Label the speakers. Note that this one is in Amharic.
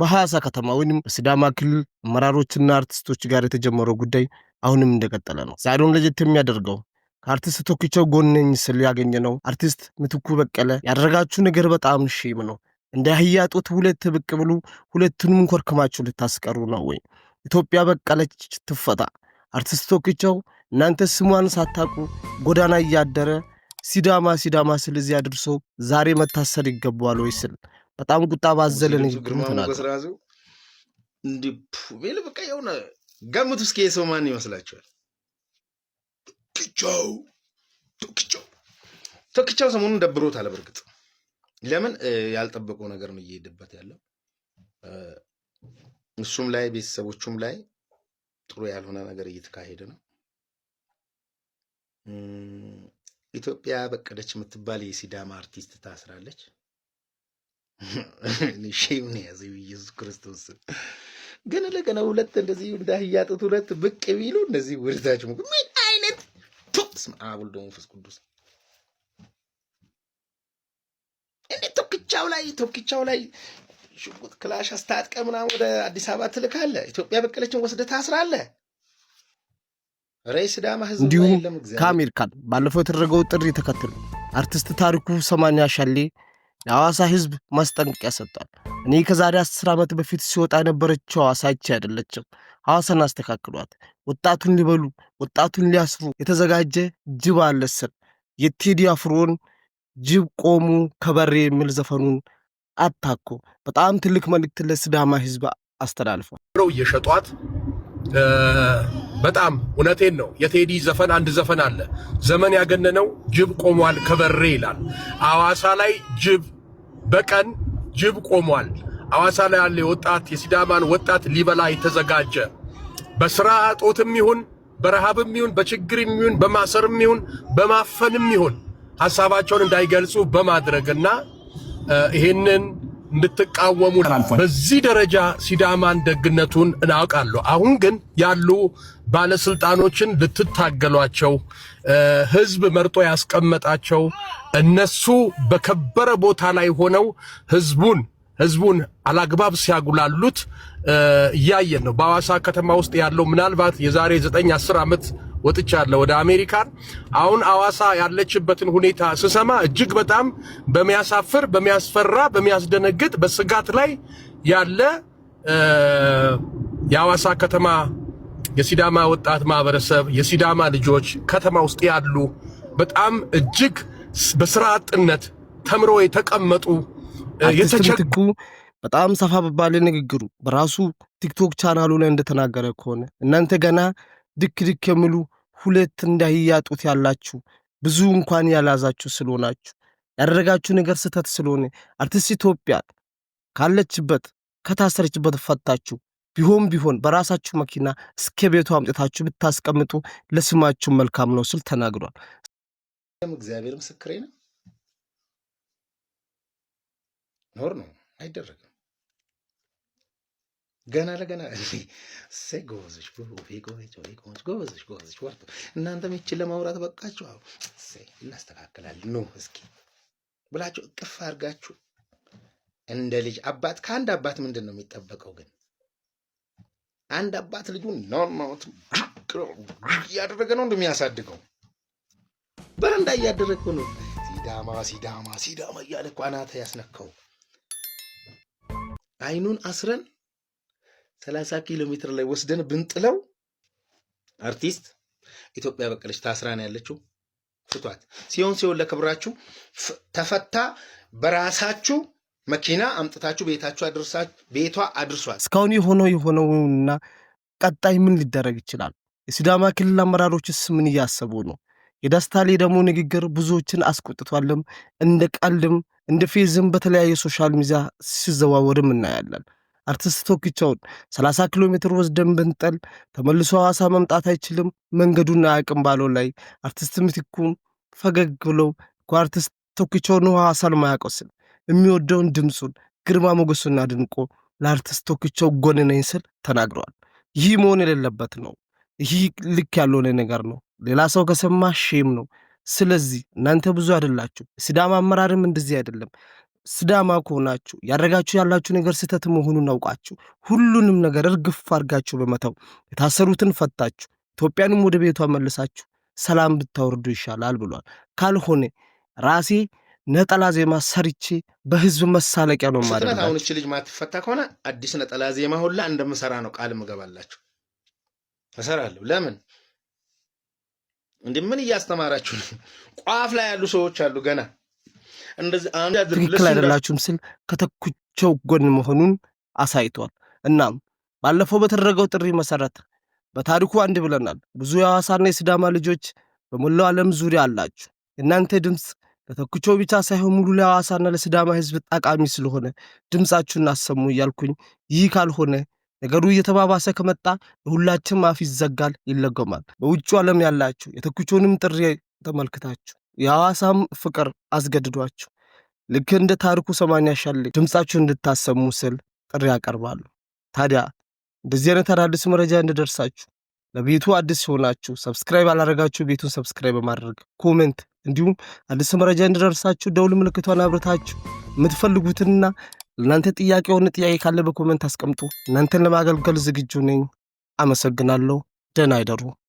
Speaker 1: በሐዋሳ ከተማ ወይም በሲዳማ ክልል አመራሮችና አርቲስቶች ጋር የተጀመረው ጉዳይ አሁንም እንደቀጠለ ነው። ዛሬውን ለየት የሚያደርገው ከአርቲስት ቶኪቻው ጎነኝ ስል ያገኘ ነው። አርቲስት ምትኩ በቀለ ያደረጋችሁ ነገር በጣም ሼም ነው። እንደ አህያ ሁለት ብቅ ብሉ፣ ሁለቱንም ኮርክማችሁ ልታስቀሩ ነው ወይ? ኢትዮጵያ በቀለች ትፈታ። አርቲስት ቶኪቻው እናንተ ስሟን ሳታቁ ጎዳና እያደረ ሲዳማ ሲዳማ ስል እዚያ አድርሶ ዛሬ መታሰር ይገባዋል ወይ ስል በጣም ቁጣ ባዘለ ግርማ
Speaker 2: በቃ የሆነ ገምቱ እስኪ የሰው ማን ይመስላችኋል? ቶክቻው ቶክቻው ቶክቻው ሰሞኑን ደብሮታል። በእርግጥ ለምን ያልጠበቀው ነገር ነው እየሄደበት ያለው እሱም ላይ ቤተሰቦቹም ላይ ጥሩ ያልሆነ ነገር እየተካሄደ ነው። ኢትዮጵያ በቀደች የምትባል የሲዳማ አርቲስት ታስራለች። ሼም ነው ያዘው ኢየሱስ ክርስቶስ። ግን ለገና ሁለት እንደዚህ እንዳህያጥት ሁለት ብቅ ቢሉ እነዚህ ወደታች ምን አይነት ቶክስ አቡል መንፈስ ቅዱስ እንዴ! ቶክቻው ላይ ቶክቻው ላይ ሽጉጥ ክላሽ አስታጥቀ ምናምን ወደ አዲስ አበባ ትልካለ። ኢትዮጵያ በቀለችን ወስደ ታስራለ። ሬስ ዳማ ህዝብ
Speaker 1: እንዲሁም ከአሜሪካን ባለፈው የተደረገው ጥሪ ተከትሎ አርቲስት ታሪኩ ሰማንያ ሻሌ የሐዋሳ ህዝብ ማስጠንቀቂያ ሰጥቷል። እኔ ከዛሬ አስር ዓመት በፊት ሲወጣ የነበረችው ሐዋሳ ይቺ አይደለችም። ሐዋሳን አስተካክሏት። ወጣቱን ሊበሉ ወጣቱን ሊያስሩ የተዘጋጀ ጅብ አለ የቴዲ አፍሮን ጅብ ቆሙ ከበሬ የሚል ዘፈኑን አታኮ በጣም ትልቅ መልእክት ለስዳማ ህዝብ አስተላልፏል።
Speaker 2: እየሸጧት በጣም እውነቴን ነው። የቴዲ ዘፈን አንድ ዘፈን አለ ዘመን ያገነነው ጅብ ቆሟል ከበሬ ይላል። አዋሳ ላይ ጅብ በቀን ጅብ ቆሟል። አዋሳ ላይ ያለ ወጣት የሲዳማን ወጣት ሊበላ የተዘጋጀ በስራ አጦትም ይሁን በረሃብም ይሁን በችግርም ይሁን በማሰርም ይሁን በማፈንም ይሁን ሀሳባቸውን እንዳይገልጹ በማድረግና ይህንን እንድትቃወሙ በዚህ ደረጃ ሲዳማን ደግነቱን እናውቃለሁ። አሁን ግን ያሉ ባለስልጣኖችን ልትታገሏቸው ህዝብ መርጦ ያስቀመጣቸው እነሱ በከበረ ቦታ ላይ ሆነው ህዝቡን ህዝቡን አላግባብ ሲያጉላሉት እያየን ነው። በሐዋሳ ከተማ ውስጥ ያለው ምናልባት የዛሬ ዘጠኝ አስር ዓመት ወጥቻለሁ ወደ አሜሪካን። አሁን አዋሳ ያለችበትን ሁኔታ ስሰማ እጅግ በጣም በሚያሳፍር፣ በሚያስፈራ፣ በሚያስደነግጥ በስጋት ላይ ያለ የአዋሳ ከተማ የሲዳማ ወጣት ማህበረሰብ የሲዳማ ልጆች ከተማ ውስጥ ያሉ በጣም እጅግ በስራ አጥነት ተምሮ የተቀመጡ
Speaker 1: የተቸኩ በጣም ሰፋ በባለ ንግግሩ በራሱ ቲክቶክ ቻናሉ ላይ እንደተናገረ ከሆነ እናንተ ገና ድክ ድክ የሚሉ ሁለት እንዳህያ ያላችሁ ብዙ እንኳን ያላዛችሁ ስለሆናችሁ ያደረጋችሁ ነገር ስህተት ስለሆነ አርቲስት ኢትዮጵያ ካለችበት ከታሰረችበት ፈታችሁ ቢሆን ቢሆን በራሳችሁ መኪና እስከ ቤቱ አምጥታችሁ ብታስቀምጡ ለስማችሁ መልካም ነው ስል ተናግሯል።
Speaker 2: እግዚአብሔር ምስክሬ ነው። ኖር ነው አይደረግም። ገና ለገና እሰይ ጎበዞች ጎበዞች ጎበዞች ወርቱ እናንተም ይችን ለማውራት በቃችሁ። አሁ እሰይ እናስተካክላለን ነው እስኪ ብላችሁ እቅፍ አድርጋችሁ እንደ ልጅ አባት ከአንድ አባት ምንድን ነው የሚጠበቀው? ግን አንድ አባት ልጁን ናናት እያደረገ ነው እንደሚያሳድገው በረንዳ እያደረገው ነው ሲዳማ ሲዳማ ሲዳማ እያለ እኮ አናተ ያስነካው አይኑን አስረን ሰላሳ ኪሎ ሜትር ላይ ወስደን ብንጥለው አርቲስት ኢትዮጵያ በቀለች ታስራ ያለችው። ፍቷት። ሲሆን ሲሆን ለክብራችሁ ተፈታ። በራሳችሁ መኪና አምጥታችሁ ቤቷ አድርሷል።
Speaker 1: እስካሁን የሆነው የሆነውና ቀጣይ ምን ሊደረግ ይችላል? የሲዳማ ክልል አመራሮችስ ምን እያሰቡ ነው? የደስታሌ ደግሞ ንግግር ብዙዎችን አስቆጥቷልም እንደ ቀልድም እንደ ፌዝም በተለያየ ሶሻል ሚዲያ ሲዘዋወርም እናያለን። አርቲስት ቶክቻውን 30 ኪሎ ሜትር ወስደን ብንጠል ተመልሶ ሐዋሳ መምጣት አይችልም፣ መንገዱን አያውቅም ባለው ላይ አርቲስት ምትኩን ፈገግ ብለው አርቲስት ቶክቻውን ሐዋሳን ማያቆስል የሚወደውን ድምፁን ግርማ ሞገሱን አድንቆ ለአርቲስት ቶክቻው ጎን ነኝ ስል ተናግረዋል። ይህ መሆን የሌለበት ነው። ይህ ልክ ያልሆነ ነገር ነው። ሌላ ሰው ከሰማ ሼም ነው። ስለዚህ እናንተ ብዙ አይደላችሁ። ሲዳማ አመራርም እንደዚህ አይደለም። ስዳማ ከሆናችሁ ያደረጋችሁ ያላችሁ ነገር ስህተት መሆኑን አውቃችሁ ሁሉንም ነገር እርግፍ አድርጋችሁ በመተው የታሰሩትን ፈታችሁ ኢትዮጵያንም ወደ ቤቷ መልሳችሁ ሰላም ብታወርዱ ይሻላል ብሏል። ካልሆነ ራሴ ነጠላ ዜማ ሰርቼ በህዝብ መሳለቂያ ነው ማለት
Speaker 2: ነው። አሁን እች ልጅ ማትፈታ ከሆነ አዲስ ነጠላ ዜማ ሁላ እንደምሰራ ነው ቃል ምገባላችሁ። እሰራለሁ። ለምን እንዲህ ምን እያስተማራችሁ ነው? ቋፍ ላይ ያሉ ሰዎች አሉ ገና ትክክል
Speaker 1: አይደላችሁም ስል ከተኩቸው ጎን መሆኑን አሳይቷል። እናም ባለፈው በተደረገው ጥሪ መሰረት በታሪኩ አንድ ብለናል። ብዙ የሐዋሳና የሲዳማ ልጆች በሞላው ዓለም ዙሪያ አላችሁ። የእናንተ ድምፅ ለተኩቸው ብቻ ሳይሆን ሙሉ ለሐዋሳና ለሲዳማ ሕዝብ ጠቃሚ ስለሆነ ድምፃችሁን አሰሙ እያልኩኝ ይህ ካልሆነ ነገሩ እየተባባሰ ከመጣ ለሁላችን አፍ ይዘጋል፣ ይለገማል። በውጭ ዓለም ያላችሁ የተኩቾንም ጥሪ ተመልክታችሁ የሐዋሳም ፍቅር አስገድዷችሁ ልክ እንደ ታሪኩ ሰማንያ ሻለቃ ድምፃችሁን እንድታሰሙ ስል ጥሪ ያቀርባሉ። ታዲያ እንደዚህ አይነት አዳዲስ መረጃ እንደደርሳችሁ ለቤቱ አዲስ ሲሆናችሁ ሰብስክራይብ አላደረጋችሁ ቤቱን ሰብስክራይብ በማድረግ ኮሜንት፣ እንዲሁም አዲስ መረጃ እንደደርሳችሁ ደውል ምልክቷን አብርታችሁ የምትፈልጉትንና ለእናንተ ጥያቄ የሆነ ጥያቄ ካለ በኮመንት አስቀምጡ። እናንተን ለማገልገል ዝግጁ ነኝ። አመሰግናለሁ። ደህና አይደሩ።